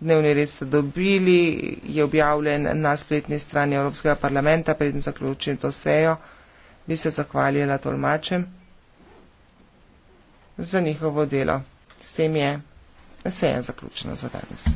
Dnevni red ste dobili, je objavljen na spletni strani Evropskega parlamenta, predem zaključim to sejo. Bi se zahvalila tolmačem za njihovo delo. S tem je seja zaključena za danes.